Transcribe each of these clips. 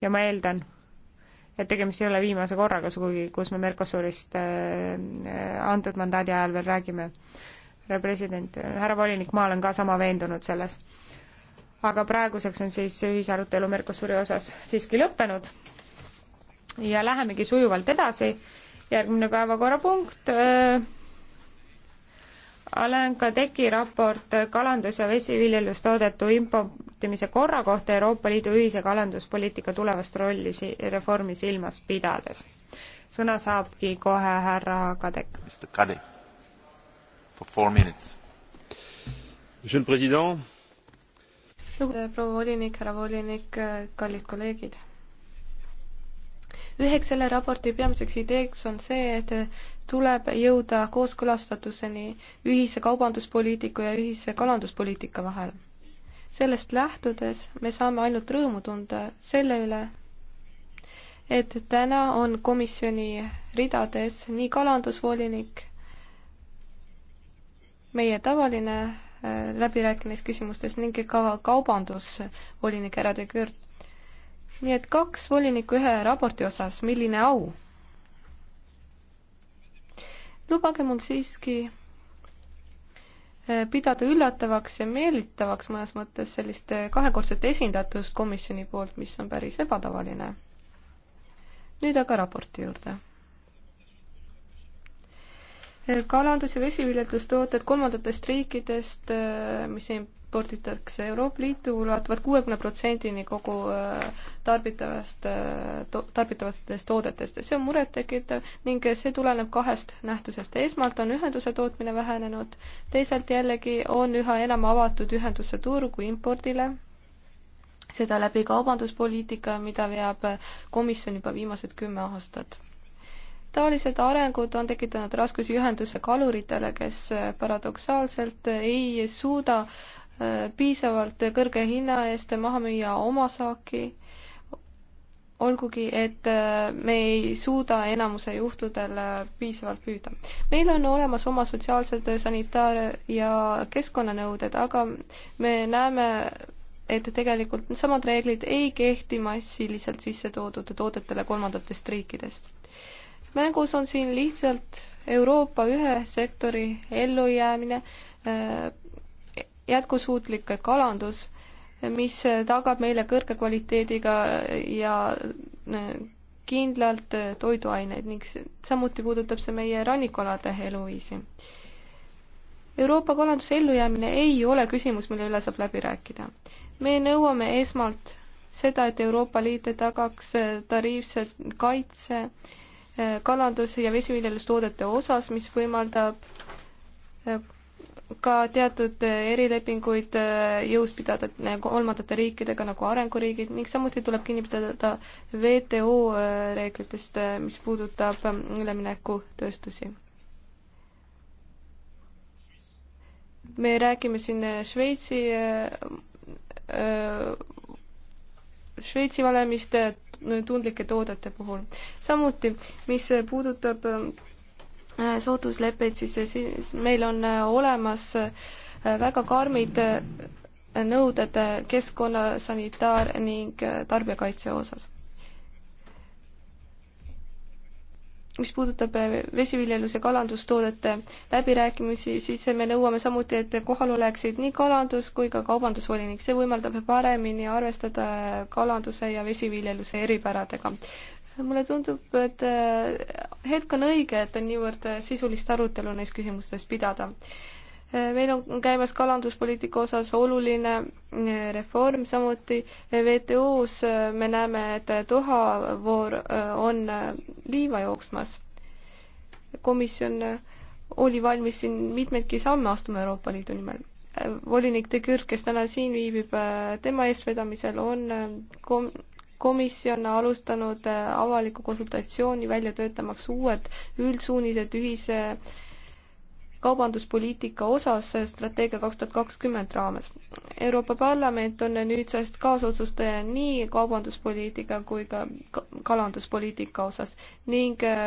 ja ma eeldan, et tegemist ei ole viimase korraga sugugi, kus me Mercosurist äh, äh, antud mandaadi ajal veel räägime. härra president, härra volinik, ma olen ka sama veendunud selles. aga praeguseks on siis ühisarutelu Mercosuri osas siiski lõppenud ja lähemegi sujuvalt edasi. järgmine päevakorrapunkt äh,. Alenka Teki raport kalandus- ja vesiviljelustoodete impo-, juhtimise korra kohta Euroopa Liidu ühise kalanduspoliitika tulevast rolli si reformi silmas pidades. sõna saabki kohe härra Kadek. proua volinik, härra volinik, kallid kolleegid üheks selle raporti peamiseks ideeks on see, et tuleb jõuda kooskõlastatuseni ühise kaubanduspoliitika ja ühise kalanduspoliitika vahel sellest lähtudes me saame ainult rõõmu tunda selle üle, et täna on komisjoni ridades nii kalandusvolinik, meie tavaline äh, läbirääkimisküsimustes ning ka kaubandusvolinik härra de Kürt. nii et kaks volinikku ühe raporti osas, milline au! lubage mul siiski Äh, pidada üllatavaks ja meelitavaks mõnes mõttes sellist äh, kahekordset esindatust komisjoni poolt, mis on päris ebatavaline. nüüd aga raporti juurde. Äh, kalandus- ja vesiviljetlustooted kolmandatest riikidest, mis ei eksporditakse Euroopa Liitu ulatuvad kuuekümne protsendini kogu äh, tarbitavast, äh, tarbitavatest toodetest ja see on murettekitav ning see tuleneb kahest nähtusest. esmalt on ühenduse tootmine vähenenud, teisalt jällegi on üha enam avatud ühenduse turgu impordile, seda läbi kaubanduspoliitika, mida veab komisjon juba viimased kümme aastat taolised arengud on tekitanud raskusi ühenduse kaluritele, kes äh, paradoksaalselt ei suuda piisavalt kõrge hinna eest maha müüa oma saaki, olgugi et äh, me ei suuda enamuse juhtudel äh, piisavalt püüda. meil on olemas oma sotsiaalsed äh, sanitaar- ja keskkonnanõuded, aga me näeme, et tegelikult samad reeglid ei kehti massiliselt sisse toodud toodetele kolmandatest riikidest. mängus on siin lihtsalt Euroopa ühe sektori ellujäämine, jätkusuutlik kalandus, mis tagab meile kõrge kvaliteediga ja äh, kindlalt äh, toiduaineid ning samuti puudutab see meie rannikualade eluviisi. Euroopa kalanduse ellujäämine ei ole küsimus, mille üle saab läbi rääkida. me nõuame esmalt seda, et Euroopa Liit tagaks äh, tariifse kaitse kalandus- ja vesiviljelustoodete osas, mis võimaldab ka teatud erilepinguid äh, jõus pidada äh, kolmandate riikidega nagu arenguriigid ning samuti tuleb kinni pidada WTO äh, reeglitest, mis puudutab ähm, üleminekutööstusi. me räägime siin Šveitsi, Šveitsi valemist tundlike toodete puhul. samuti, mis puudutab Äh, soodusleppeid, siis, siis meil on äh, olemas äh, väga karmid nõuded keskkonna, sanitaar- ning tarbijakaitse osas. mis puudutab vesiviljelus- ja kalandustoodete läbirääkimisi, siis me nõuame samuti, et kohal oleksid nii kalandus- kui ka kaubandusvolinik. see võimaldab paremini arvestada kalanduse ja vesiviljeluse eripäradega mulle tundub, et äh, hetk on õige, et on niivõrd äh, sisulist arutelu neis küsimustes pidada. Äh, meil on käimas kalanduspoliitika osas oluline reform, samuti WTO-s me näeme, et tuhavoor on liiva jooksmas. komisjon oli valmis siin mitmeidki samme astuma Euroopa Liidu nimel volinik De Kürk, kes täna siin viibib, tema eestvedamisel on kom-, komisjon alustanud äh, avalikku konsultatsiooni välja töötamaks uued üldsuunised ühise kaubanduspoliitika osas strateegia kaks tuhat kakskümmend raames. Euroopa Parlament on nüüdsest kaasotsustaja nii kaubanduspoliitika kui ka kalanduspoliitika osas ning äh,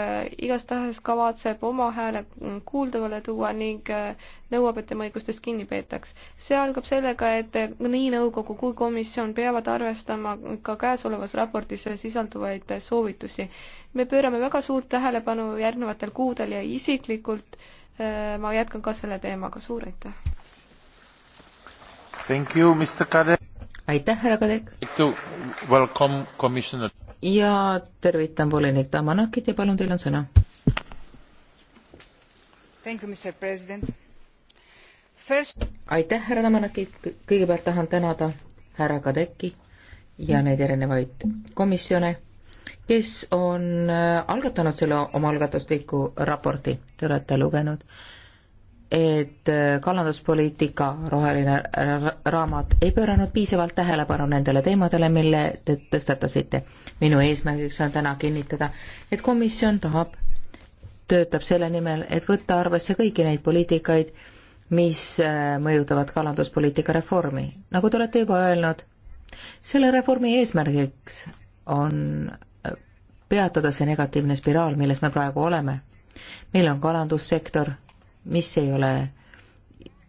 igastahes kavatseb oma hääle kuuldavale tuua ning äh, nõuab, et tema õigustest kinni peetaks. see algab sellega, et äh, nii nõukogu kui komisjon peavad arvestama ka käesolevas raportis sisalduvaid soovitusi. me pöörame väga suurt tähelepanu järgnevatel kuudel ja isiklikult äh, Äh, ma jätkan ka selle teemaga, suur aitäh! aitäh, härra Kadek! ja tervitan volinik Tamanakit ja palun, teil on sõna. First... aitäh, härra Tamanakit, kõigepealt tahan tänada härra Kadeki ja neid erinevaid komisjone kes on äh, algatanud selle omaalgatusliku raporti, te olete lugenud, et äh, kalanduspoliitika roheline raamat ei pööranud piisavalt tähelepanu nendele teemadele, mille te tõstatasite. minu eesmärgiks on täna kinnitada, et komisjon tahab, töötab selle nimel, et võtta arvesse kõiki neid poliitikaid, mis äh, mõjutavad kalanduspoliitika reformi. nagu te olete juba öelnud, selle reformi eesmärgiks on peatada see negatiivne spiraal, milles me praegu oleme. meil on kalandussektor, mis ei ole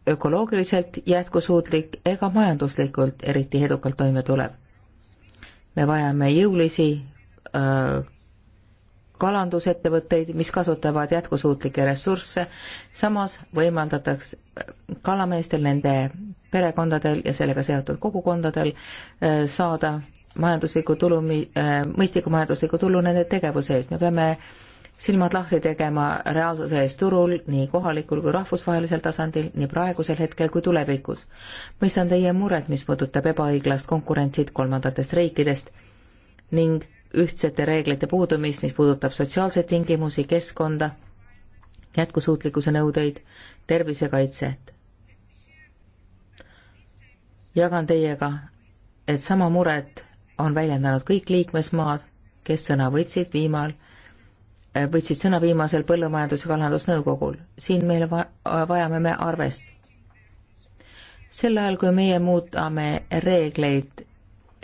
ökoloogiliselt jätkusuutlik ega majanduslikult eriti edukalt toime tulev. me vajame jõulisi öö, äh, kalandusettevõtteid, mis kasutavad jätkusuutlikke ressursse, samas võimaldatakse kalameestel, nende perekondadel ja sellega seotud kogukondadel äh, saada majanduslikku tulu, äh, mõistlikku majanduslikku tulu nende tegevuse eest, me peame silmad lahti tegema reaalsuse ees turul nii kohalikul kui rahvusvahelisel tasandil, nii praegusel hetkel kui tulevikus. mõistan teie muret, mis puudutab ebaõiglast konkurentsit kolmandatest riikidest ning ühtsete reeglite puudumist, mis puudutab sotsiaalseid tingimusi, keskkonda, jätkusuutlikkuse nõudeid, tervisekaitset. jagan teiega, et sama muret on väljendanud kõik liikmesmaad, kes sõna võtsid viimal, võtsid sõna viimasel Põllumajandus- ja Kalandusnõukogul. siin meil va-, vajame me arvest. sel ajal, kui meie muudame reegleid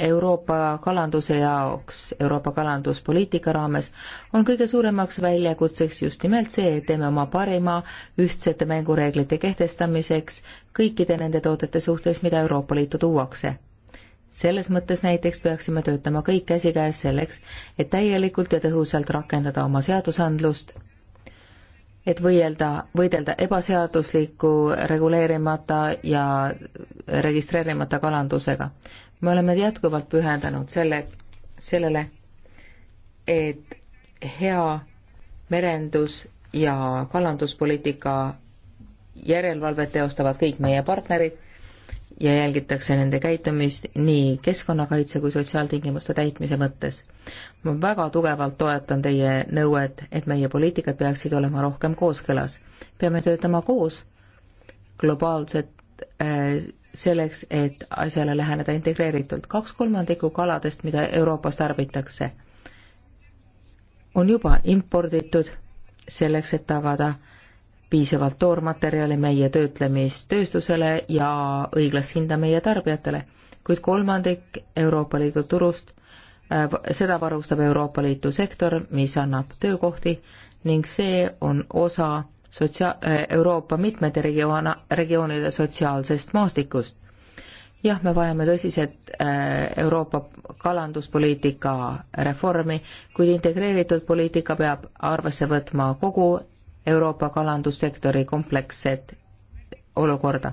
Euroopa kalanduse jaoks, Euroopa kalanduspoliitika raames, on kõige suuremaks väljakutseks just nimelt see, et teeme oma parima ühtsete mängureeglite kehtestamiseks kõikide nende toodete suhtes, mida Euroopa Liitu tuuakse selles mõttes näiteks peaksime töötama kõik käsikäes selleks, et täielikult ja tõhusalt rakendada oma seadusandlust, et võidelda, võidelda ebaseadusliku, reguleerimata ja registreerimata kalandusega. me oleme jätkuvalt pühendanud selle, sellele, et hea merendus ja kalanduspoliitika järelevalvet teostavad kõik meie partnerid ja jälgitakse nende käitumist nii keskkonnakaitse kui sotsiaaltingimuste täitmise mõttes. ma väga tugevalt toetan teie nõuet, et meie poliitikad peaksid olema rohkem kooskõlas. peame töötama koos globaalselt äh, selleks, et asjale läheneda integreeritult. kaks kolmandikku kaladest, mida Euroopas tarbitakse, on juba imporditud selleks, et tagada äh, piisavalt toormaterjali meie töötlemistööstusele ja õiglast hinda meie tarbijatele, kuid kolmandik Euroopa Liidu turust äh,, seda varustab Euroopa Liidu sektor, mis annab töökohti ning see on osa sotsia-, äh, Euroopa mitmete regioona, regioonide sotsiaalsest maastikust. jah, me vajame tõsiselt äh, Euroopa kalanduspoliitika reformi, kuid integreeritud poliitika peab arvesse võtma kogu Euroopa kalandussektori kompleksset olukorda.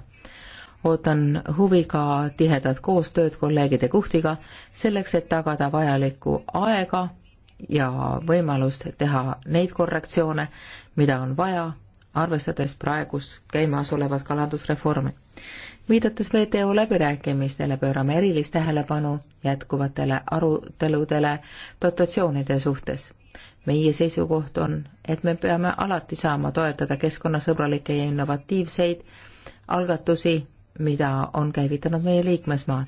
ootan huviga tihedat koostööd kolleegide Kuhtiga, selleks et tagada vajalikku aega ja võimalust teha neid korrektsioone, mida on vaja, arvestades praegust käimasolevat kalandusreformi. viidates WTO läbirääkimistele, pöörame erilist tähelepanu jätkuvatele aruteludele dotatsioonide suhtes meie seisukoht on, et me peame alati saama toetada keskkonnasõbralikke ja innovatiivseid algatusi, mida on käivitanud meie liikmesmaad.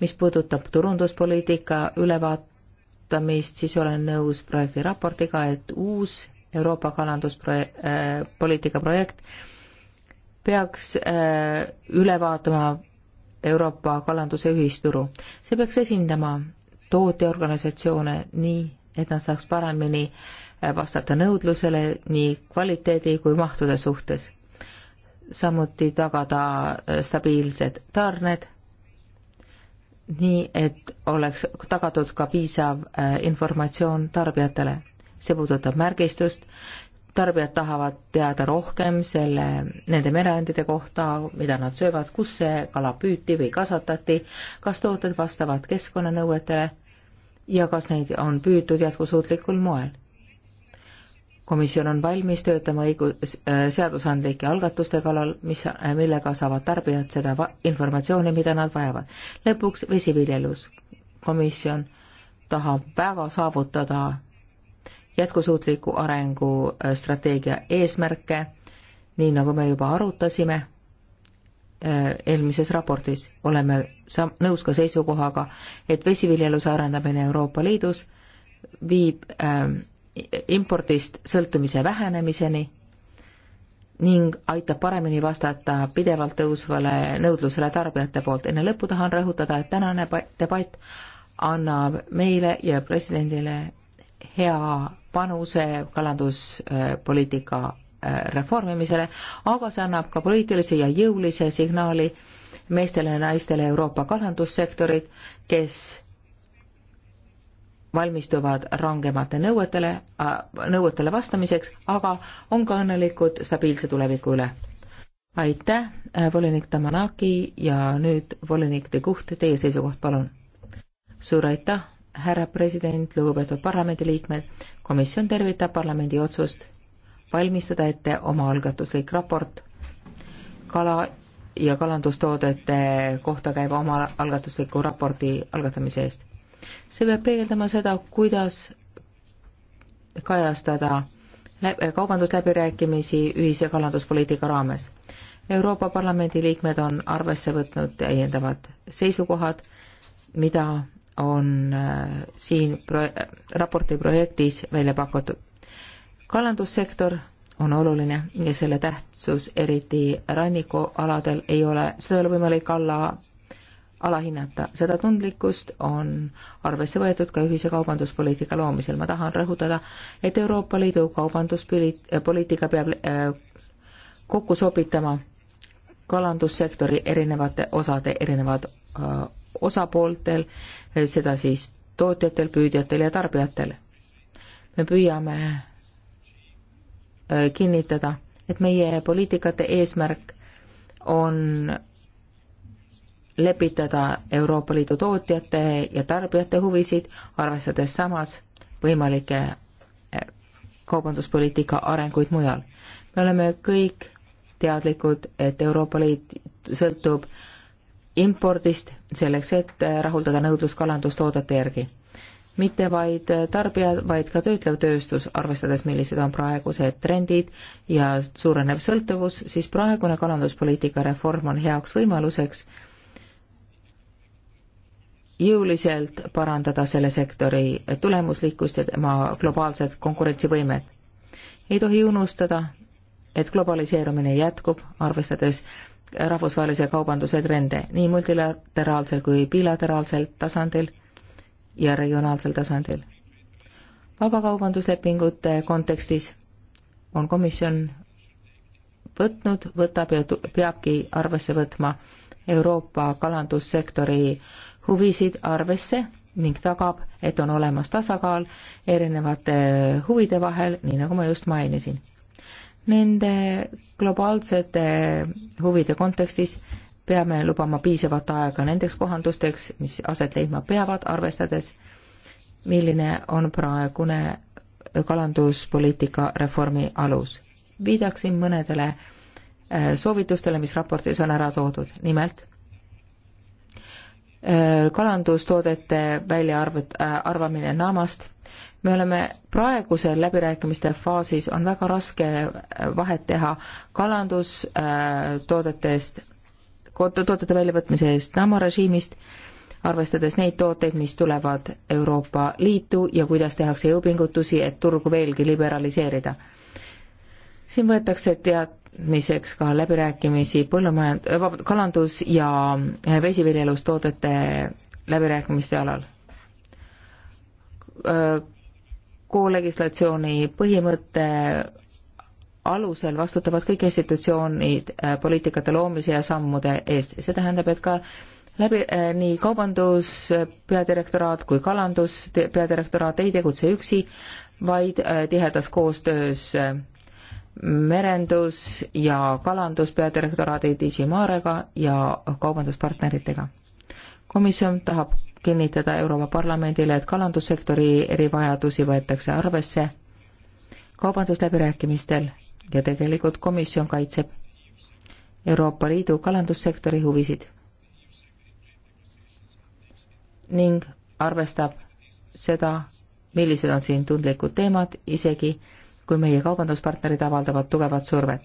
mis puudutab turunduspoliitika ülevaatamist, siis olen nõus projekti raportiga, et uus Euroopa kalanduspoliitika äh, projekt peaks äh, üle vaatama Euroopa kalanduse ühisturu. see peaks esindama tootjaorganisatsioone nii et nad saaks paremini äh, vastata nõudlusele nii kvaliteedi kui mahtude suhtes. samuti tagada äh, stabiilsed tarned, nii et oleks tagatud ka piisav äh, informatsioon tarbijatele. see puudutab märgistust, tarbijad tahavad teada rohkem selle, nende mereandide kohta, mida nad söövad, kus see kala püüti või kasvatati, kas tooted vastavad keskkonnanõuetele ja kas neid on püütud jätkusuutlikul moel. komisjon on valmis töötama õigus, äh, seadusandlike algatuste kallal, mis, äh, millega saavad tarbijad seda informatsiooni, mida nad vajavad. lõpuks vesiviljelus. komisjon tahab väga saavutada jätkusuutliku arengu äh, strateegia eesmärke, nii nagu me juba arutasime Äh, eelmises raportis. oleme sam-, nõus ka seisukohaga, et vesiviljeluse arendamine Euroopa Liidus viib äh, impordist sõltumise vähenemiseni ning aitab paremini vastata pidevalt tõusvale nõudlusele tarbijate poolt. enne lõppu tahan rõhutada, et tänane debatt annab meile ja presidendile hea panuse kalanduspoliitika Äh, reformimisele, aga see annab ka poliitilise ja jõulise signaali meestele ja naistele Euroopa kalandussektorid, kes valmistuvad rangemate nõuetele, äh, nõuetele vastamiseks, aga on ka õnnelikud stabiilse tuleviku üle. aitäh, äh, volinik Tamanaki ja nüüd volinik De Gucht, teie seisukoht, palun. suur aitäh, härra president, lugupeetud parlamendiliikmed, komisjon tervitab parlamendi otsust valmistada ette omaalgatuslik raport kala ja kalandustoodete kohta käiva omaalgatusliku raporti algatamise eest. see peab peegeldama seda, kuidas kajastada äh, kaubandusläbirääkimisi ühise kalanduspoliitika raames. Euroopa Parlamendi liikmed on arvesse võtnud täiendavad seisukohad, mida on äh, siin pro-, äh, raporti projektis välja pakutud kalandussektor on oluline ja selle tähtsus, eriti rannikualadel, ei ole, seda ei ole võimalik alla, alahinnata. seda tundlikkust on arvesse võetud ka ühise kaubanduspoliitika loomisel. ma tahan rõhutada, et Euroopa Liidu kaubanduspoliitika peab äh, kokku sobitama kalandussektori erinevate osade erinevad äh, osapooltel, seda siis tootjatel, püüdjatel ja tarbijatel. me püüame Äh, kinnitada, et meie poliitikate eesmärk on lepitada Euroopa Liidu tootjate ja tarbijate huvisid, arvestades samas võimalikke äh, kaubanduspoliitika arenguid mujal. me oleme kõik teadlikud, et Euroopa Liit sõltub impordist selleks, et äh, rahuldada nõudlus kalandustoodete järgi mitte vaid tarbijad, vaid ka töötlev tööstus, arvestades, millised on praegused trendid ja suurenev sõltuvus, siis praegune kalanduspoliitika reform on heaks võimaluseks jõuliselt parandada selle sektori tulemuslikkust ja tema globaalset konkurentsivõimet. ei tohi unustada, et globaliseerumine jätkub, arvestades rahvusvahelise kaubanduse trende nii multilateraalsel kui bilateraalsel tasandil ja regionaalsel tasandil. vabakaubanduslepingute kontekstis on komisjon võtnud, võtab ja peabki arvesse võtma Euroopa kalandussektori huvisid arvesse ning tagab, et on olemas tasakaal erinevate huvide vahel, nii nagu ma just mainisin. Nende globaalsete huvide kontekstis peame lubama piisavat aega nendeks kohandusteks, mis aset leidma peavad, arvestades, milline on praegune kalanduspoliitika reformi alus. viidaksin mõnedele äh, soovitustele, mis raportis on ära toodud, nimelt äh, kalandustoodete väljaarvut-, äh, arvamine naamast, me oleme praegusel läbirääkimiste faasis, on väga raske vahet teha kalandustoodetest toodete väljavõtmise eest Nama režiimist, arvestades neid tooteid, mis tulevad Euroopa Liitu ja kuidas tehakse jõupingutusi, et turgu veelgi liberaliseerida. siin võetakse teadmiseks ka läbirääkimisi põllumajand-, äh, vabandust, kalandus- ja vesiviljelustoodete läbirääkimiste alal äh, koolegislatsiooni põhimõte alusel vastutavad kõik institutsioonid äh, poliitikate loomise ja sammude eest. see tähendab, et ka läbi äh, nii kaubandus peadirektoraat kui kalandus te, peadirektoraat ei tegutse üksi, vaid äh, tihedas koostöös äh, merendus- ja kalandus peadirektoraadi Digimarega ja kaubanduspartneritega. komisjon tahab kinnitada Euroopa Parlamendile, et kalandussektori erivajadusi võetakse arvesse kaubandusläbirääkimistel ja tegelikult komisjon kaitseb Euroopa Liidu kalandussektori huvisid ning arvestab seda, millised on siin tundlikud teemad, isegi kui meie kaubanduspartnerid avaldavad tugevat survet.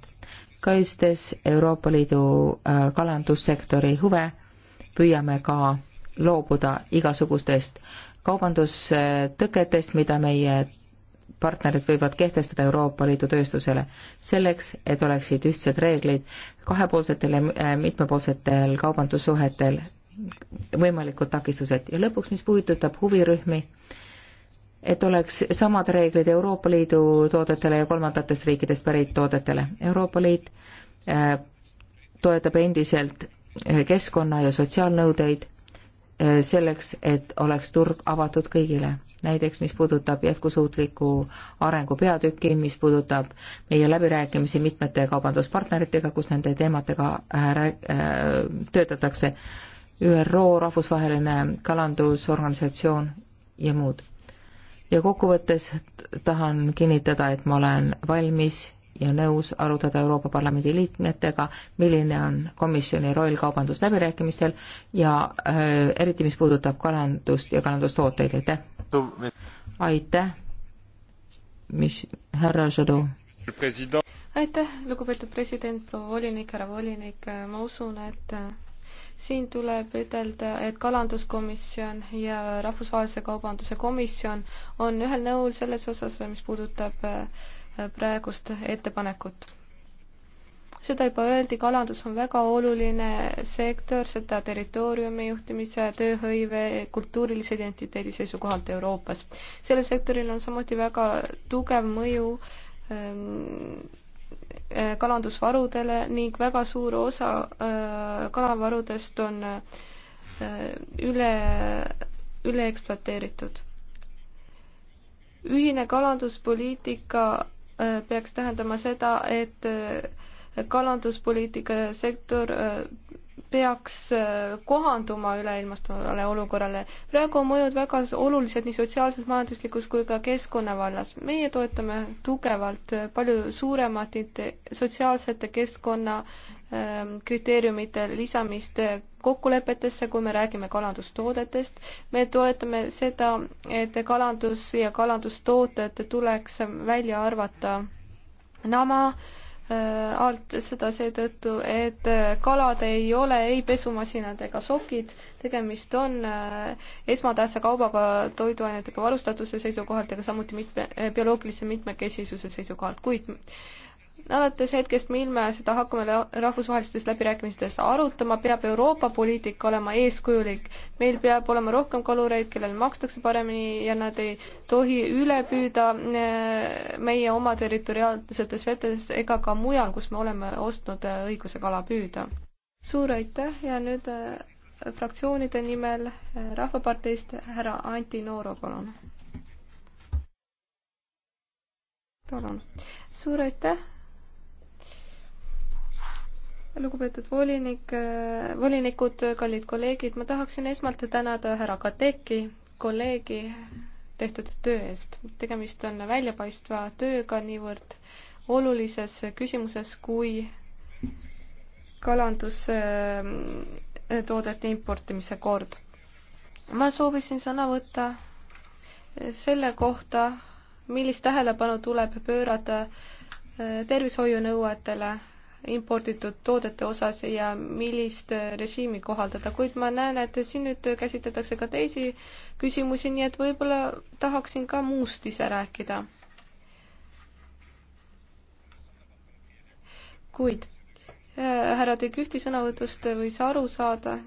kaitstes Euroopa Liidu äh, kalandussektori huve, püüame ka loobuda igasugustest kaubandustõketest, mida meie partnerid võivad kehtestada Euroopa Liidu tööstusele, selleks et oleksid ühtsed reeglid kahepoolsetel ja äh, mitmepoolsetel kaubandussuhetel, võimalikud takistused ja lõpuks, mis puudutab huvirühmi, et oleks samad reeglid Euroopa Liidu toodetele ja kolmandatest riikidest pärit toodetele. Euroopa Liit äh, toetab endiselt äh, keskkonna ja sotsiaalnõudeid selleks, et oleks turg avatud kõigile näiteks mis puudutab jätkusuutliku arengu peatükki, mis puudutab meie läbirääkimisi mitmete kaubanduspartneritega, kus nende teemadega äh, rääg- äh,, töötatakse, ÜRO, Rahvusvaheline Kalandusorganisatsioon ja muud. ja kokkuvõttes tahan kinnitada, et ma olen valmis ja nõus arutada Euroopa Parlamendi liikmetega, milline on komisjoni roll kaubandusläbirääkimistel ja äh, eriti, mis puudutab kalandust ja kalandustooteid, aitäh! aitäh, mis, härra Žadov. aitäh, lugupeetud president, proua volinik, härra volinik, ma usun, et siin tuleb ütelda, et kalanduskomisjon ja Rahvusvahelise Kaubanduse Komisjon on ühel nõul selles osas, mis puudutab praegust ettepanekut seda juba öeldi, kalandus on väga oluline sektor, seda territooriumi juhtimise, tööhõive, kultuurilise identiteedi seisukohalt Euroopas. sellel sektoril on samuti väga tugev mõju ähm, äh, kalandusvarudele ning väga suur osa äh, kalavarudest on äh, üle, üle ekspluateeritud. ühine kalanduspoliitika äh, peaks tähendama seda, et äh, kalanduspoliitika sektor äh, peaks äh, kohanduma üleilmastavale olukorrale. praegu on mõjud väga olulised nii sotsiaalses, majanduslikus kui ka keskkonna vallas. meie toetame tugevalt äh, palju suuremat sotsiaalsete keskkonna ähm, kriteeriumite lisamist kokkulepetesse, kui me räägime kalandustoodetest. me toetame seda, et kalandus ja kalandustooted tuleks välja arvata NAMA Äh, alt seda seetõttu, et äh, kalad ei ole ei pesumasinad ega sokid, tegemist on äh, esmatähtsa kaubaga toiduainetega varustatuse seisukohalt, aga samuti mitme, bioloogilise mitmekesisuse seisukohalt, kuid alates hetkest, mil me seda hakkame rahvusvahelistes läbirääkimistes arutama, peab Euroopa poliitika olema eeskujulik. meil peab olema rohkem kalureid, kellel makstakse paremini ja nad ei tohi üle püüda eh, meie oma territoriaalsetes vetes ega ka mujal, kus me oleme ostnud eh, õiguse kala püüda. suur aitäh ja nüüd eh, fraktsioonide nimel Rahvaparteist härra Anti Nooro, palun. palun. suur aitäh lugupeetud volinik, äh, volinikud, kallid kolleegid, ma tahaksin esmalt tänada härra Kateki, kolleegi tehtud töö eest. tegemist on väljapaistva tööga niivõrd olulises küsimuses kui kalandustoodete äh, importimise kord. ma soovisin sõna võtta selle kohta, millist tähelepanu tuleb pöörata äh, tervishoiunõuetele imporditud toodete osas ja millist režiimi kohaldada, kuid ma näen, et siin nüüd käsitletakse ka teisi küsimusi, nii et võib-olla tahaksin ka muust ise rääkida. kuid äh, härra De Kühti sõnavõtust võis aru saada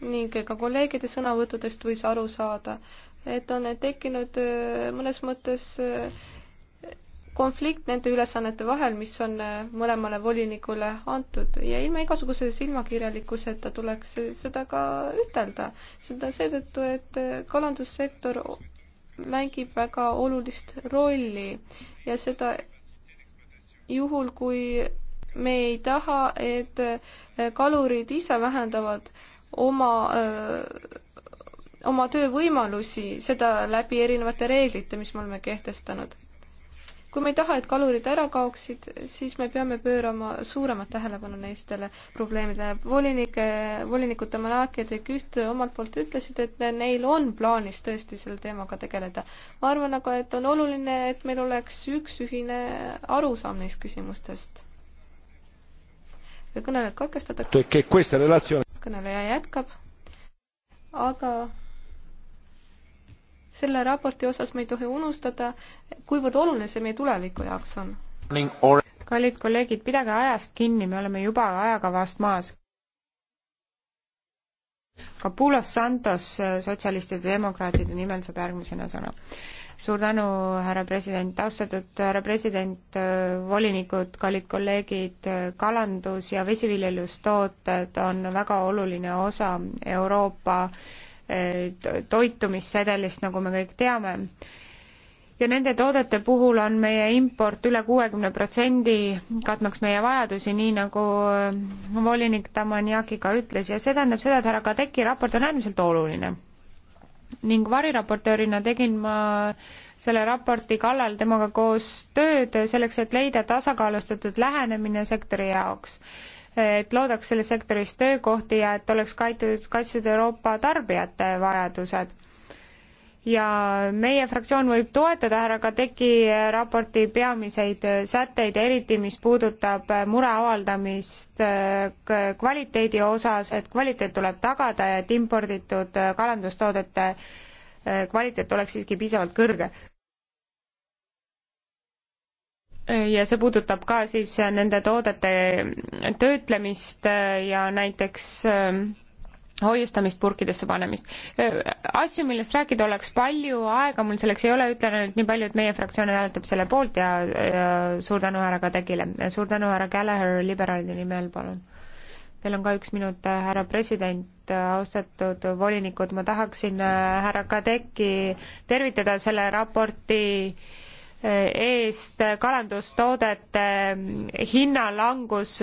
ning ka kolleegide sõnavõttudest võis aru saada, et on tekkinud äh, mõnes mõttes äh, konflikt nende ülesannete vahel, mis on äh, mõlemale volinikule antud ja ilma igasuguse silmakirjalikkuseta tuleks seda ka ütelda. seda seetõttu, et äh, kalandussektor mängib väga olulist rolli ja seda juhul, kui me ei taha, et äh, kalurid ise vähendavad oma öö, oma töövõimalusi, seda läbi erinevate reeglite, mis me oleme kehtestanud kui me ei taha, et kalurid ära kaoksid, siis me peame pöörama suuremat tähelepanu neistele probleemidele. volinike, volinikud Tamalaki ja De Küht omalt poolt ütlesid, et neil on plaanis tõesti selle teemaga tegeleda. ma arvan aga, et on oluline, et meil oleks üks ühine arusaam neist küsimustest. kõnelejad katkestatakse. kõneleja jätkab, aga selle raporti osas me ei tohi unustada, kuivõrd oluline see meie tuleviku jaoks on. kallid kolleegid, pidage ajast kinni, me oleme juba ajakavast maas. Capulos Santos sotsialistide ja demokraatide nimel saab järgmisena sõna. suur tänu, härra president, austatud härra president, volinikud, kallid kolleegid, kalandus- ja vesiviljelustooted on väga oluline osa Euroopa toitumissedelist, nagu me kõik teame. ja nende toodete puhul on meie import üle kuuekümne protsendi, katmaks meie vajadusi, nii nagu äh, volinik Tamaniaki ka ütles ja see tähendab seda, et härra Kadeki raport on äärmiselt oluline. ning variraportöörina tegin ma selle raporti kallal temaga koos tööd selleks, et leida tasakaalustatud lähenemine sektori jaoks et loodaks selles sektoris töökohti ja et oleks kaitstud, kaitstud Euroopa tarbijate vajadused. ja meie fraktsioon võib toetada härra Kadeki raporti peamiseid sätteid, eriti mis puudutab mure avaldamist äh, kvaliteedi osas, et kvaliteet tuleb tagada ja et imporditud kalandustoodete äh, kvaliteet oleks siiski piisavalt kõrge ja see puudutab ka siis nende toodete töötlemist ja näiteks äh, hoiustamist, purkidesse panemist. Äh, asju, millest rääkida oleks palju, aega mul selleks ei ole, ütlen ainult nii palju, et meie fraktsioon hääletab selle poolt ja, ja suur tänu härra Kadegile. suur tänu härra Gallagher liberaalide nimel, palun. Teil on ka üks minut, äh, härra president, austatud volinikud, ma tahaksin härra Kadeki tervitada selle raporti äh, eest kalandustoodete hinnalangus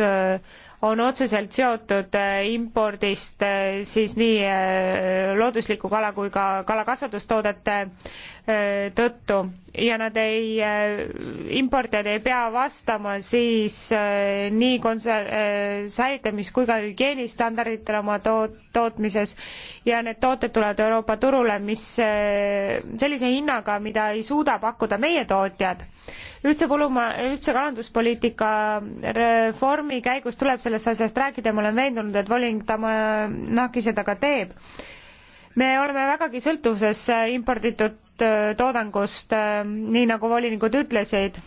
on otseselt seotud äh, impordist äh, siis nii äh, loodusliku kala kui ka kalakasvatustoodete tõttu ja nad ei, importijad ei pea vastama siis nii konser-, säilitamis- kui ka hügieenistandarditele oma toot-, tootmises ja need tooted tulevad Euroopa turule, mis sellise hinnaga, mida ei suuda pakkuda meie tootjad üldse põlluma-, üldse kalanduspoliitika reformi käigus tuleb sellest asjast rääkida, ma olen veendunud, et volinik Tamanaki seda ka teeb. me oleme vägagi sõltuvuses imporditud äh, toodangust, äh, nii nagu volinikud ütlesid,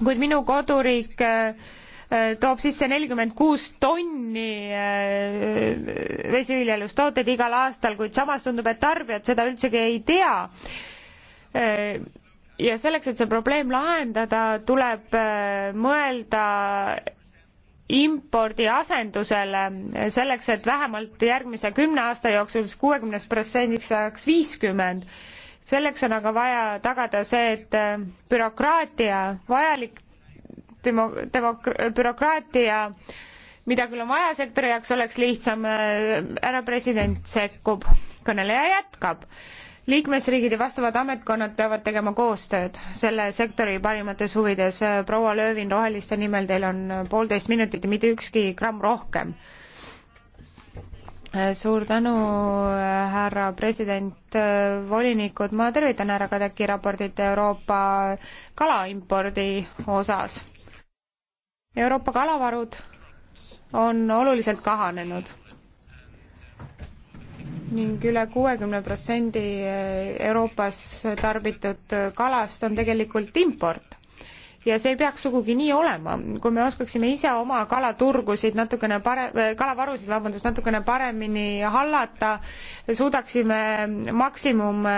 kuid minu koduriik äh, toob sisse nelikümmend kuus tonni vesiviljelustooteid igal aastal, kuid samas tundub, et tarbijad seda üldsegi ei tea ja selleks, et see probleem lahendada, tuleb äh, mõelda impordi asendusele selleks, et vähemalt järgmise kümne aasta jooksul siis kuuekümnest protsendiks saaks viiskümmend. selleks on aga vaja tagada see, et äh, bürokraatia, vajalik demo-, demok-, bürokraatia mida küll on vaja sektori jaoks, oleks lihtsam, härra äh, president sekkub, kõneleja jätkab liikmesriigid ja vastavad ametkonnad peavad tegema koostööd selle sektori parimates huvides. proua Löövin Roheliste nimel, teil on poolteist minutit ja mitte ükski gramm rohkem. suur tänu, härra president, volinikud, ma tervitan härra Kadeki raportit Euroopa kalaimpordi osas. Euroopa kalavarud on oluliselt kahanenud ning üle kuuekümne protsendi eh, Euroopas tarbitud eh, kalast on tegelikult import. ja see ei peaks sugugi nii olema, kui me oskaksime ise oma kalaturgusid natukene pare-, eh, kalavarusid, vabandust, natukene paremini hallata, suudaksime maksimum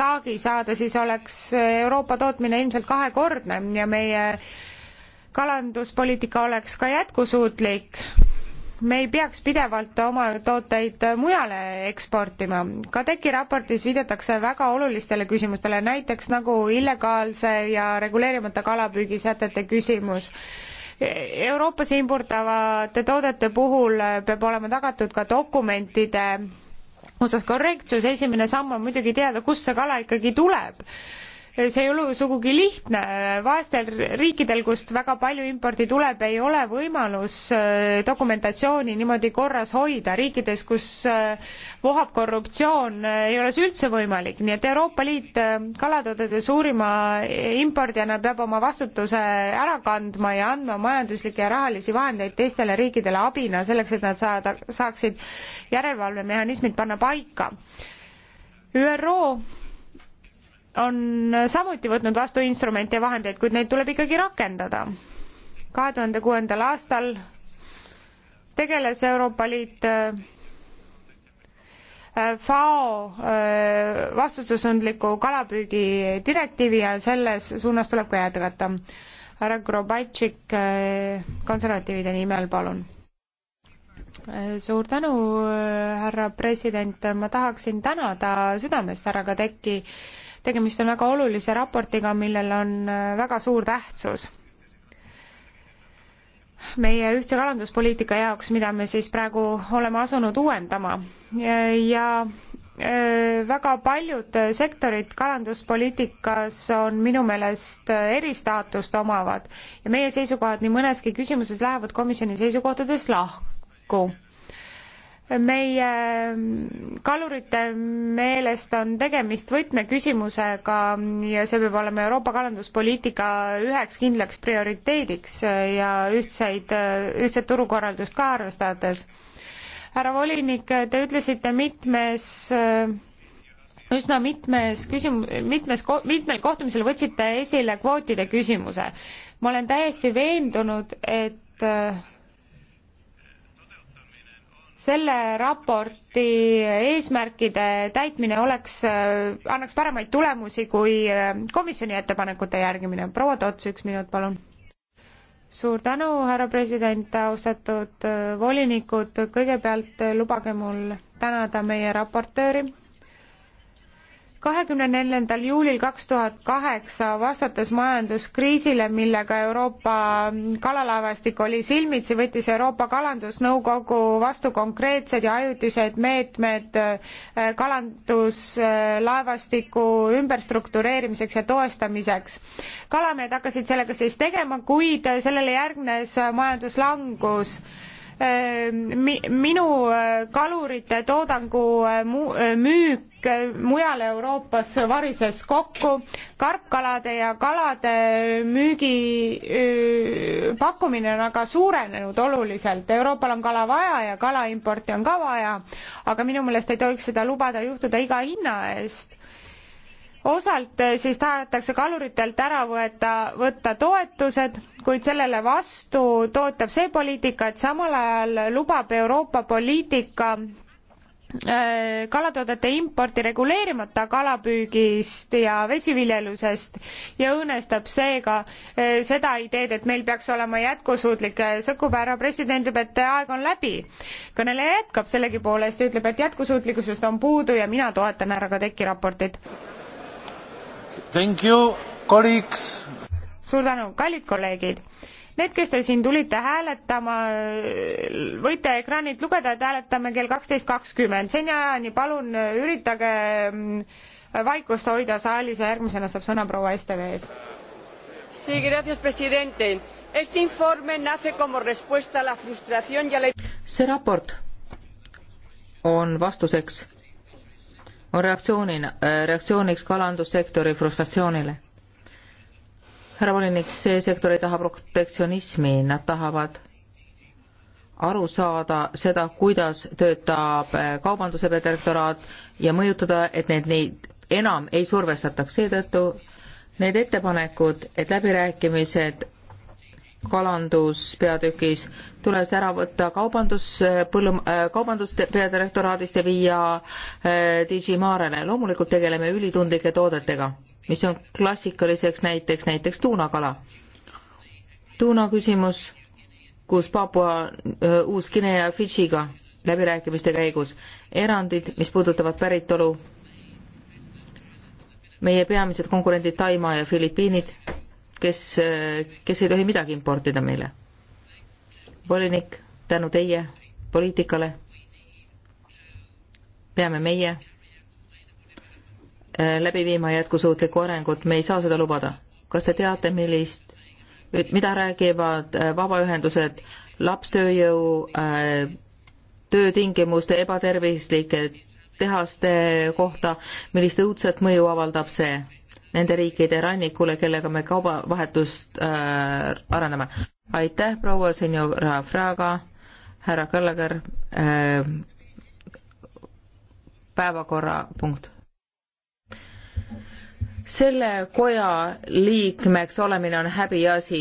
saagi saada, siis oleks Euroopa tootmine ilmselt kahekordne ja meie kalanduspoliitika oleks ka jätkusuutlik me ei peaks pidevalt oma tooteid mujale eksportima. Kadeki raportis viidatakse väga olulistele küsimustele, näiteks nagu illegaalse ja reguleerimata kalapüügisätete küsimus. Euroopasse impordavate toodete puhul peab olema tagatud ka dokumentide osas korrektsus, esimene samm on muidugi teada, kust see kala ikkagi tuleb see ei ole sugugi lihtne, vaestel riikidel, kust väga palju importi tuleb, ei ole võimalus äh, dokumentatsiooni niimoodi korras hoida, riikides, kus äh, vohab korruptsioon, äh, ei ole see üldse võimalik, nii et Euroopa Liit kalatoodete suurima impordijana peab oma vastutuse ära kandma ja andma majanduslikke ja rahalisi vahendeid teistele riikidele abina selleks, et nad saada, saaksid järelevalvemehhanismid panna paika. ÜRO on samuti võtnud vastu instrumente ja vahendeid, kuid neid tuleb ikkagi rakendada. kahe tuhande kuuendal aastal tegeles Euroopa Liit äh, äh, FAO äh, vastutusundliku kalapüügi direktiivi ja selles suunas tuleb ka jätkata. härra Grobatšik konservatiivide nimel, palun. suur tänu, härra president, ma tahaksin tänada südamest härra Kadeki äh, tegemist on väga olulise raportiga, millel on äh, väga suur tähtsus meie ühtse kalanduspoliitika jaoks, mida me siis praegu oleme asunud uuendama ja äh, väga paljud sektorid kalanduspoliitikas on minu meelest äh, eristaatust omavad ja meie seisukohad nii mõneski küsimuses lähevad komisjoni seisukohtadest lahku meie mm, kalurite meelest on tegemist võtmeküsimusega ja see peab olema Euroopa kalanduspoliitika üheks kindlaks prioriteediks ja ühtseid, ühtset turukorraldust ka arvestades. härra volinik, te ütlesite mitmes üsna mitmes küsimus, mitmes, mitmel kohtumisel võtsite esile kvootide küsimuse. ma olen täiesti veendunud, et selle raporti eesmärkide täitmine oleks, annaks paremaid tulemusi kui äh, komisjoni ettepanekute järgimine. proua Tots, üks minut, palun. suur tänu, härra president, austatud äh, volinikud, kõigepealt äh, lubage mul tänada meie raportööri kahekümne neljandal juulil kaks tuhat kaheksa vastates majanduskriisile, millega Euroopa kalalaevastik oli silmitsi, võttis Euroopa Kalandusnõukogu vastu konkreetsed ja ajutised meetmed eh, kalanduslaevastiku ümberstruktureerimiseks ja toestamiseks. kalamehed hakkasid sellega siis tegema, kuid sellele järgnes majanduslangus Äh, mi-, minu äh, kalurite toodangu äh, mu-, müük mujal Euroopas varises kokku, karpkalade ja kalade müügi pakkumine on aga suurenenud oluliselt, Euroopal on kala vaja ja kalaimporti on ka vaja, aga minu meelest ei tohiks seda lubada juhtuda iga hinna eest osalt eh, siis tahetakse kaluritelt ära võeta, võtta toetused, kuid sellele vastu tootab see poliitika, et samal ajal lubab Euroopa poliitika eh, kalatoodete importi reguleerimata kalapüügist ja vesiviljelusest ja õõnestab seega eh, seda ideed, et meil peaks olema jätkusuutlik. Sõkkub härra president ütleb, et aeg on läbi. kõneleja jätkab sellegipoolest ja ütleb, et jätkusuutlikkusest on puudu ja mina toetan härra Kadeki raportit. Thank you, colleagues. suur tänu, kallid kolleegid. Need, kes te siin tulite hääletama, võite ekraanilt lugeda, et hääletame kell kaksteist kakskümmend. seni ajani palun üritage mm, vaikust hoida saalis ja järgmisena saab sõna proua Esteve eest. Sí, gracias, presidente. Este informe nace como respuesta a la frustración y a la... See raport on vastuseks on reaktsioonina, äh, reaktsiooniks kalandussektori frustratsioonile. härra volinik, see sektor ei taha protektsionismi, nad tahavad aru saada seda, kuidas töötab äh, kaubanduse peadirektoraat ja mõjutada, et need neid enam ei survestataks, seetõttu need ettepanekud, et läbirääkimised kalanduspeatükis tuleks ära võtta kaubandus, põllum-, äh, kaubanduspeadirektoraadist ja viia äh, DG Maarele. loomulikult tegeleme ülitundlike toodetega, mis on klassikaliseks näiteks, näiteks tuunakala. tuuna küsimus, kus Papua äh, Uus-Guinea ja Fidžiga läbirääkimiste käigus erandid, mis puudutavad päritolu, meie peamised konkurendid Taimaa ja Filipiinid kes, kes ei tohi midagi importida meile. volinik, tänu teie poliitikale peame meie äh, läbi viima jätkusuutlikku arengut, me ei saa seda lubada. kas te teate, millist, mida räägivad äh, vabaühendused lapstööjõu äh, töötingimuste ebatervislike tehaste kohta, millist õudset mõju avaldab see nende riikide rannikule, kellega me kaubavahetust äh, arendame. aitäh, proua senora Fraga, härra Kõllager äh,, päevakorrapunkt selle koja liikmeks olemine on häbiasi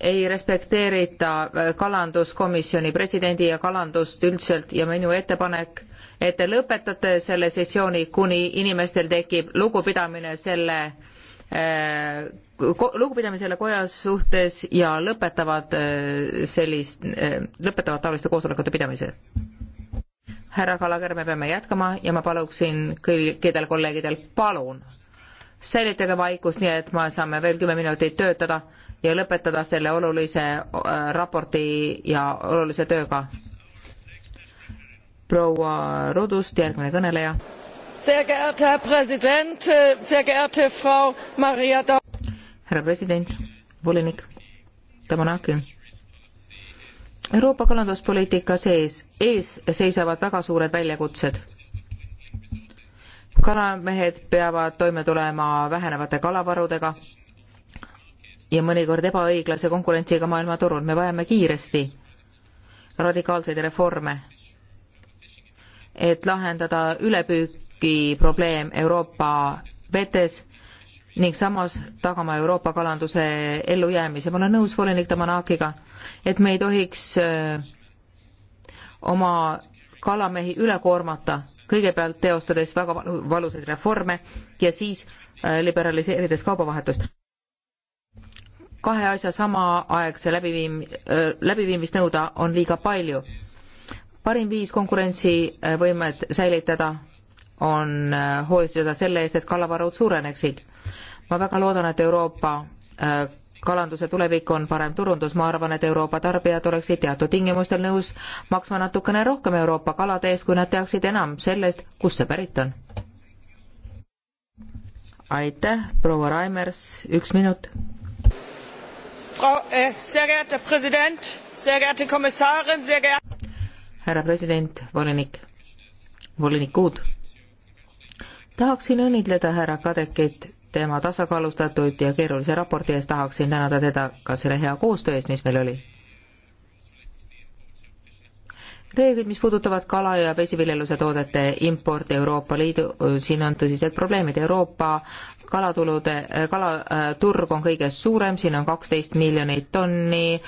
ei respekteerita äh, kalanduskomisjoni presidendi ja kalandust üldiselt ja minu ettepanek, et te lõpetate selle sessiooni, kuni inimestel tekib lugupidamine selle eh, äh, lugupidamise selle koja suhtes ja lõpetavad eh, sellist eh,, lõpetavad taoliste koosolekute pidamise. härra Kalager, me peame jätkama ja ma paluksin kõikidel kolleegidel, palun säilitage vaikust, nii et me saame veel kümme minutit töötada ja lõpetada selle olulise äh, raporti ja olulise tööga. proua Rudust, järgmine kõneleja. härra president, volinik, Tamanaki. Euroopa kalanduspoliitika sees, ees seisavad väga suured väljakutsed kalamehed peavad toime tulema vähenevate kalavarudega ja mõnikord ebaõiglase konkurentsiga maailmaturul. me vajame kiiresti radikaalseid reforme, et lahendada ülepüüki probleem Euroopa vetes ning samas tagama Euroopa kalanduse ellujäämise. ma olen nõus volinik Damanakiga, et me ei tohiks äh, oma kalamehi üle koormata, kõigepealt teostades väga valusaid reforme ja siis äh, liberaliseerides kaubavahetust kahe asja samaaegse läbiviim-, läbiviimist nõuda on liiga palju. parim viis konkurentsivõimet säilitada on hoolitseda selle eest, et kalavarud suureneksid. ma väga loodan, et Euroopa kalanduse tulevik on parem turundus, ma arvan, et Euroopa tarbijad oleksid teatud tingimustel nõus maksma natukene rohkem Euroopa kalade eest, kui nad teaksid enam sellest, kust see pärit on. aitäh, proua Raimers, üks minut Frau, äh, sehr geehrter Präsident, sehr geehrte Kommissarin, sehr geehrte härra president, volinik, volinik Uud. tahaksin õnnitleda härra Kadekit tema tasakaalustatud ja keerulise raporti eest, tahaksin tänada teda ka selle hea koostöö eest, mis meil oli reeglid, mis puudutavad kala- ja vesiviljeluse toodete importi Euroopa Liidu, siin on tõsised probleemid, Euroopa kalatulude, kalaturg äh, on kõige suurem, siin on kaksteist miljonit tonni,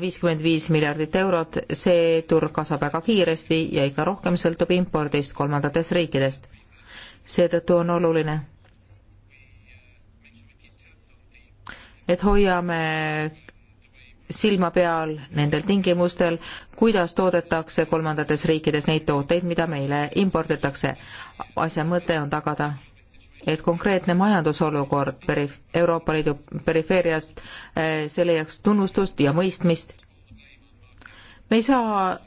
viiskümmend viis miljardit eurot, see turg kasvab väga kiiresti ja ikka rohkem sõltub impordist kolmandatest riikidest. seetõttu on oluline, et hoiame silma peal nendel tingimustel, kuidas toodetakse kolmandates riikides neid tooteid, mida meile imporditakse. asja mõte on tagada, et konkreetne majandusolukord perif-, Euroopa Liidu perifeeriast, eh, see leiaks tunnustust ja mõistmist. me ei saa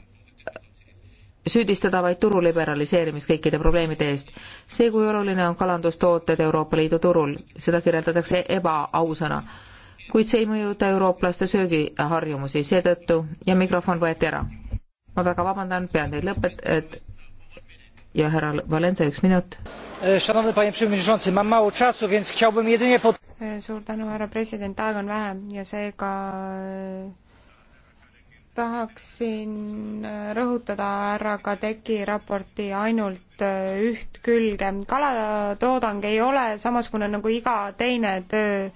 süüdistada vaid turu liberaliseerimist kõikide probleemide eest. see, kui oluline on kalandustooted Euroopa Liidu turul, seda kirjeldatakse ebaausana kuid see ei mõjuta eurooplaste söögiharjumusi, seetõttu ja mikrofon võeti ära. ma väga vabandan, pean teid lõpet-, et ja härra Valensa, üks minut. E, e, suur tänu, härra president, aega on vähe ja seega tahaksin e, rõhutada härra Kadeki raporti ainult üht külge. kalatoodang ei ole samasugune nagu iga teine töö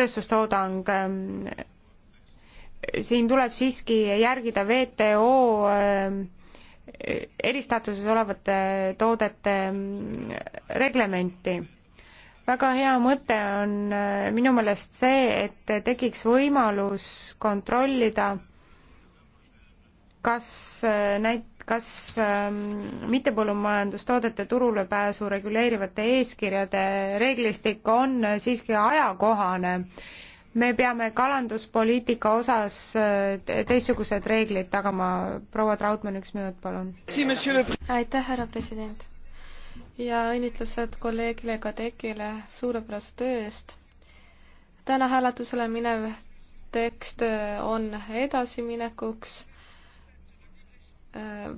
tööstustoodang. Ähm, siin tuleb siiski järgida WTO ähm, eristaatuses olevate toodete ähm, reglementi. väga hea mõte on äh, minu meelest see, et tekiks võimalus kontrollida, kas äh, näit-, kas ähm, mittepõllumajandustoodete turulepääsu reguleerivate eeskirjade reeglistik on siiski ajakohane? me peame kalanduspoliitika osas äh, teistsugused reeglid tagama. proua Trautmann, üks minut, palun. aitäh, härra president ja õnnitlused kolleegile Kadekile suurepärase töö eest. täna hääletusele minev tekst äh, on edasiminekuks Äh,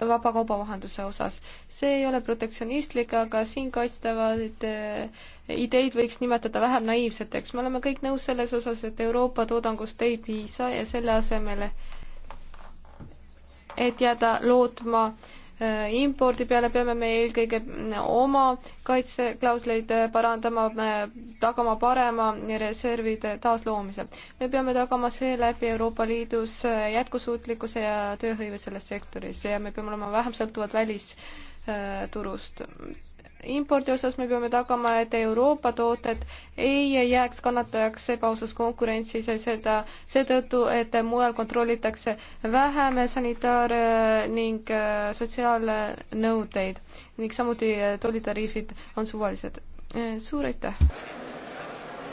vaba kaubavahenduse osas. see ei ole protektsionistlik, aga siin kaitstavad äh, ideid võiks nimetada vähem naiivseteks. me oleme kõik nõus selles osas, et Euroopa toodangust ei piisa ja selle asemel, et jääda lootma äh, Äh, impordi peale peame me eelkõige oma kaitseklausleid äh, parandama, äh, tagama parema reservide taasloomise. me peame tagama seeläbi Euroopa Liidus jätkusuutlikkuse ja tööhõive selles sektoris ja me peame olema vähem sõltuvad välisturust äh, impordi osas me peame tagama, et Euroopa tooted ei jääks kannatajaks ebaausas konkurentsis ja seda seetõttu, et mujal kontrollitakse vähem sanitaar- ning äh, sotsiaalnõudeid ning samuti äh, tollitariifid on suvalised. Äh, suur aitäh!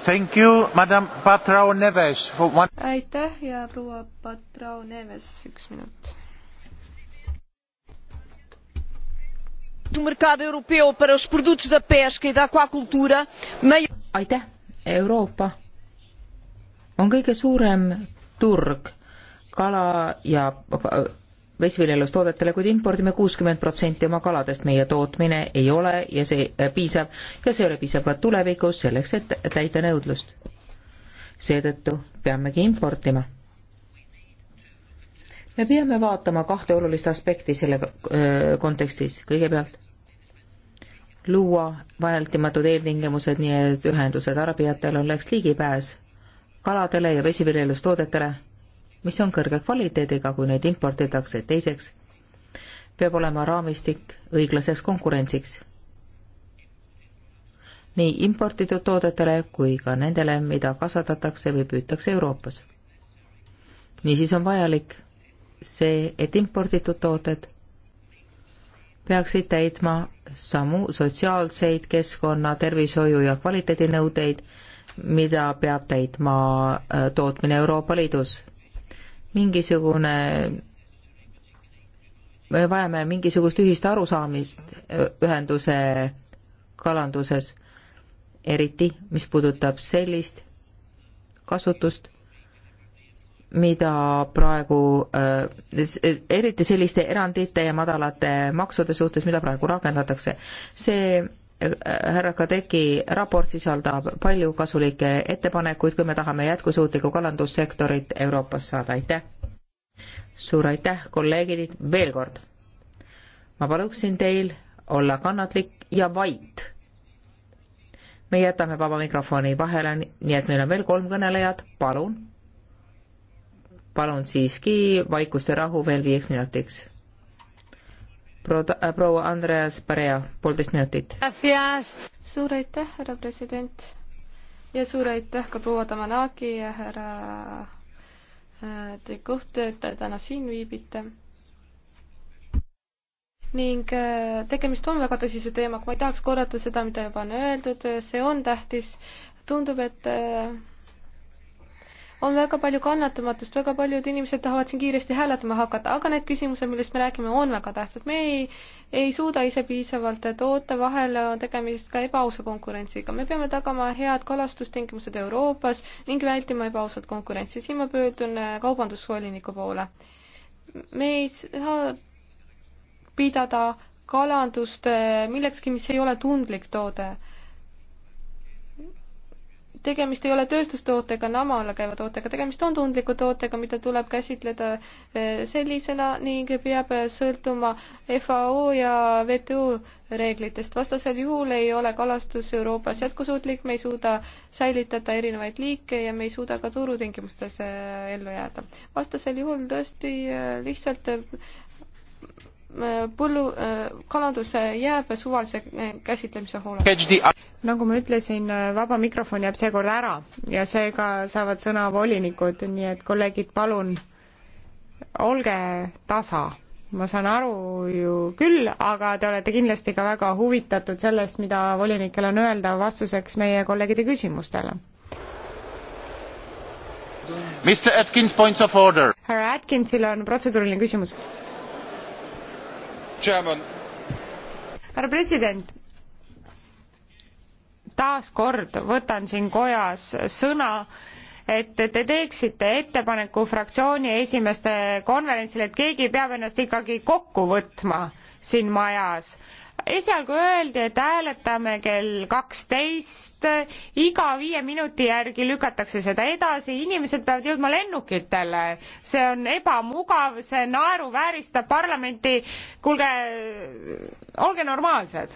Thank you, madam Patrao Neves for one. aitäh ja proua Patrao Neves, üks minut mercado europeu para os produtos da pesca ja e da aquacultura aitäh, Euroopa on kõige suurem turg kala ja äh, vesiviljelustoodetele, kuid impordime kuuskümmend protsenti oma kaladest, meie tootmine ei ole ja see äh, piisab ja see ei ole piisav ka tulevikus selleks, et täita nõudlust. seetõttu peamegi importima me peame vaatama kahte olulist aspekti selle äh, kontekstis. kõigepealt luua vältimatud eeltingimused, nii et ühenduse tarbijatel oleks ligipääs kaladele ja vesiviljelustoodetele, mis on kõrge kvaliteediga, kui neid importitakse. teiseks peab olema raamistik õiglaseks konkurentsiks nii importitud toodetele kui ka nendele, mida kasvatatakse või püütakse Euroopas. niisiis on vajalik see, et imporditud tooted peaksid täitma samu sotsiaalseid keskkonna, tervishoiu ja kvaliteedinõudeid, mida peab täitma äh, tootmine Euroopa Liidus. mingisugune, me vajame mingisugust ühist arusaamist äh, ühenduse kalanduses, eriti mis puudutab sellist kasutust mida praegu, äh, eriti selliste erandite ja madalate maksude suhtes, mida praegu rakendatakse. see äh, härra Kadeki raport sisaldab palju kasulikke ettepanekuid, kui me tahame jätkusuutlikku kalandussektorit Euroopas saada, aitäh! suur aitäh, kolleegid, veel kord! ma paluksin teil olla kannatlik ja vait. me jätame vaba mikrofoni vahele, nii et meil on veel kolm kõnelejat, palun palun siiski vaikust ja rahu veel viieks minutiks. Äh, proua Andreas Parea, poolteist minutit. suur aitäh, härra president ja suur aitäh ka proua Tamanagi ja härra De äh, Kuht, et te täna siin viibite ning äh, tegemist on väga tõsise teemaga, ma ei tahaks korrata seda, mida juba on öeldud, see on tähtis. tundub, et on väga palju kannatamatust, väga paljud inimesed tahavad siin kiiresti hääletama hakata, aga need küsimused, millest me räägime, on väga tähtsad. me ei, ei suuda ise piisavalt toota, vahel on tegemist ka ebaausa konkurentsiga. me peame tagama head kalastustingimused Euroopas ning vältima ebaausat konkurentsi. siin ma pöördun äh, kaubandusvoliniku poole. me ei saa pidada kalandust äh, millekski, mis ei ole tundlik toode tegemist ei ole tööstustootega, nama alla käiva tootega, tegemist on tundliku tootega, mida tuleb käsitleda eh, sellisena ning peab sõltuma FAO ja WTO reeglitest. vastasel juhul ei ole kalastus Euroopas jätkusuutlik, me ei suuda säilitada erinevaid liike ja me ei suuda ka turutingimustes eh, ellu jääda. vastasel juhul tõesti eh, lihtsalt põllu, kalanduse jääb suvalise käsitlemise hoole. nagu ma ütlesin, vaba mikrofon jääb seekord ära ja seega saavad sõna volinikud, nii et kolleegid, palun olge tasa. ma saan aru ju küll, aga te olete kindlasti ka väga huvitatud sellest, mida volinikel on öelda vastuseks meie kolleegide küsimustele. härra Atkinsil on protseduuriline küsimus härra president, taas kord võtan siin kojas sõna, et te teeksite ettepaneku fraktsiooni esimeeste konverentsile, et keegi peab ennast ikkagi kokku võtma siin majas esialgu öeldi, et hääletame kell kaksteist, iga viie minuti järgi lükatakse seda edasi, inimesed peavad jõudma lennukitele. see on ebamugav, see naeruvääristab parlamenti. kuulge, olge normaalsed.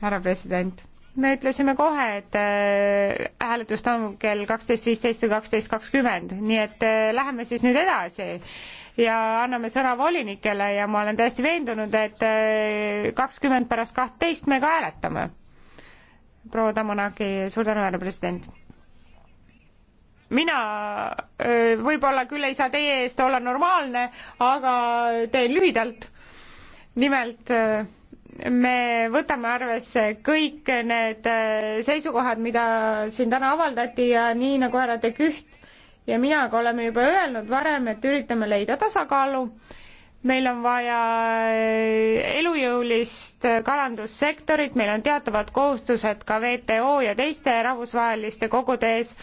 härra president me ütlesime kohe, et äh, hääletus toimub kell kaksteist viisteist või kaksteist kakskümmend, nii et äh, läheme siis nüüd edasi ja anname sõna volinikele ja ma olen täiesti veendunud, et äh, kakskümmend pärast kahtteist me ka hääletame. proua Tamonaki, suur tänu, härra president mina äh, võib-olla küll ei saa teie eest olla normaalne, aga teen lühidalt. nimelt äh, me võtame arvesse kõik need seisukohad, mida siin täna avaldati ja nii nagu härra De Küht ja minaga oleme juba öelnud varem, et üritame leida tasakaalu. meil on vaja eh, elujõulist eh, kalandussektorit, meil on teatavad kohustused ka WTO ja teiste rahvusvaheliste kogude ees.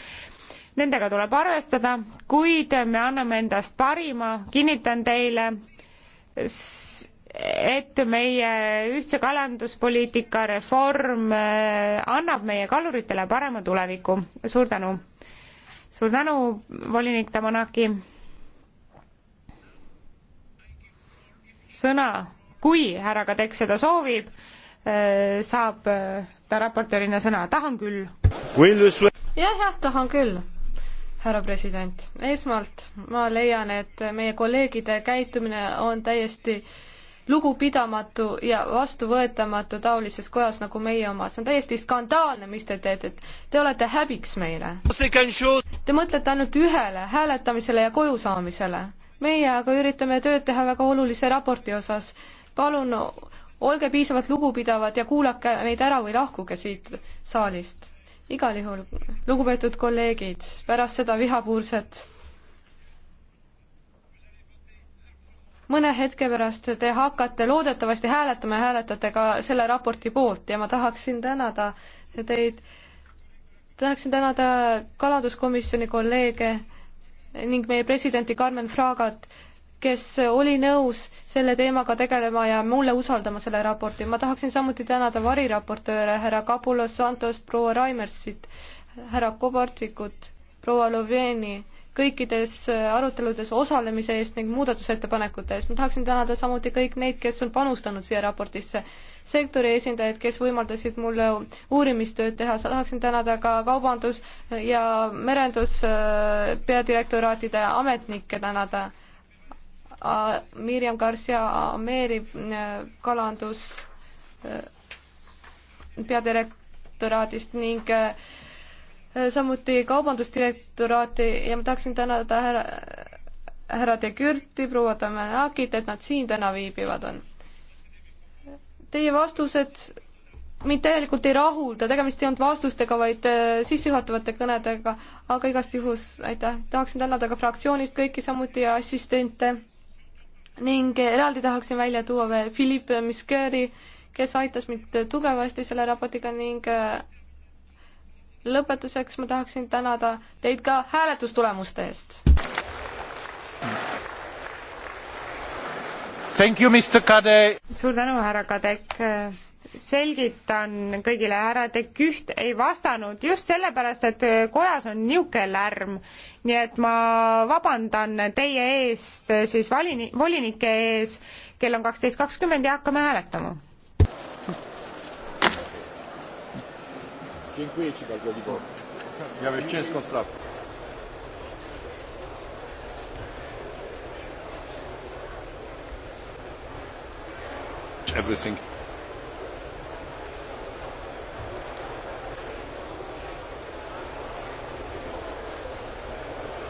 Nendega tuleb arvestada, kuid me anname endast parima, kinnitan teile, et meie ühtse kalanduspoliitika reform eh, annab meie kaluritele parema tuleviku. suur tänu! suur tänu, volinik Tamonaki. sõna, kui härra Kadek seda soovib, eh, saab eh, ta raportöörina sõna, tahan küll. jah, jah, tahan küll härra president, esmalt ma leian, et meie kolleegide käitumine on täiesti äh, lugupidamatu ja vastuvõetamatu taolises kojas nagu meie oma. see on täiesti skandaalne, mis te teete. Te olete häbiks meile. Te mõtlete ainult ühele, hääletamisele ja koju saamisele. meie aga üritame tööd teha väga olulise raporti osas. palun olge piisavalt lugupidavad ja kuulake meid ära või lahkuge siit saalist. igal juhul, lugupeetud kolleegid, pärast seda vihapuurset mõne hetke pärast te hakkate loodetavasti hääletama ja hääletate ka selle raporti poolt ja ma tahaksin tänada teid, tahaksin tänada kalanduskomisjoni kolleege ning meie presidenti Carmen Fragat, kes oli nõus selle teemaga tegelema ja mulle usaldama selle raporti. ma tahaksin samuti tänada variraportööre härra Kapulos Santost, proua Raimersit, härra Kobartsikut, proua Lovjeni kõikides äh, aruteludes osalemise eest ning muudatusettepanekute eest. ma tahaksin tänada samuti kõik neid, kes on panustanud siia raportisse, sektori esindajaid, kes võimaldasid mulle uurimistööd teha, tahaksin tänada ka kaubandus- ja merendus äh, peadirektoraatide ametnikke tänada. Mirjam Garcia Ameeri äh, kalandus peadirektoraadist ning äh, Äh, samuti Kaubandusdirektoraati ja ma tahaksin tänada härra, härra De Kürti, proua Tamanakit, et nad siin täna viibivad on. Teie vastused mind täielikult ei rahulda, tegemist ei olnud vastustega, vaid äh, sissejuhatavate kõnedega, aga igast juhus aitäh. tahaksin tänada ka fraktsioonist kõiki, samuti assistente ning eraldi tahaksin välja tuua veel Philippe Miskeri, kes aitas mind tugevasti selle raportiga ning äh, lõpetuseks ma tahaksin tänada teid ka hääletustulemuste eest. suur tänu, härra Kadek. selgitan kõigile, härra De Küht ei vastanud just sellepärast, et kojas on niisugune lärm. nii et ma vabandan teie eest siis valini-, volinike ees, kell on kaksteist kakskümmend ja hakkame hääletama Dziękuję Ci bardzo, Libor. Miałeś ciężką sprawę. Everything.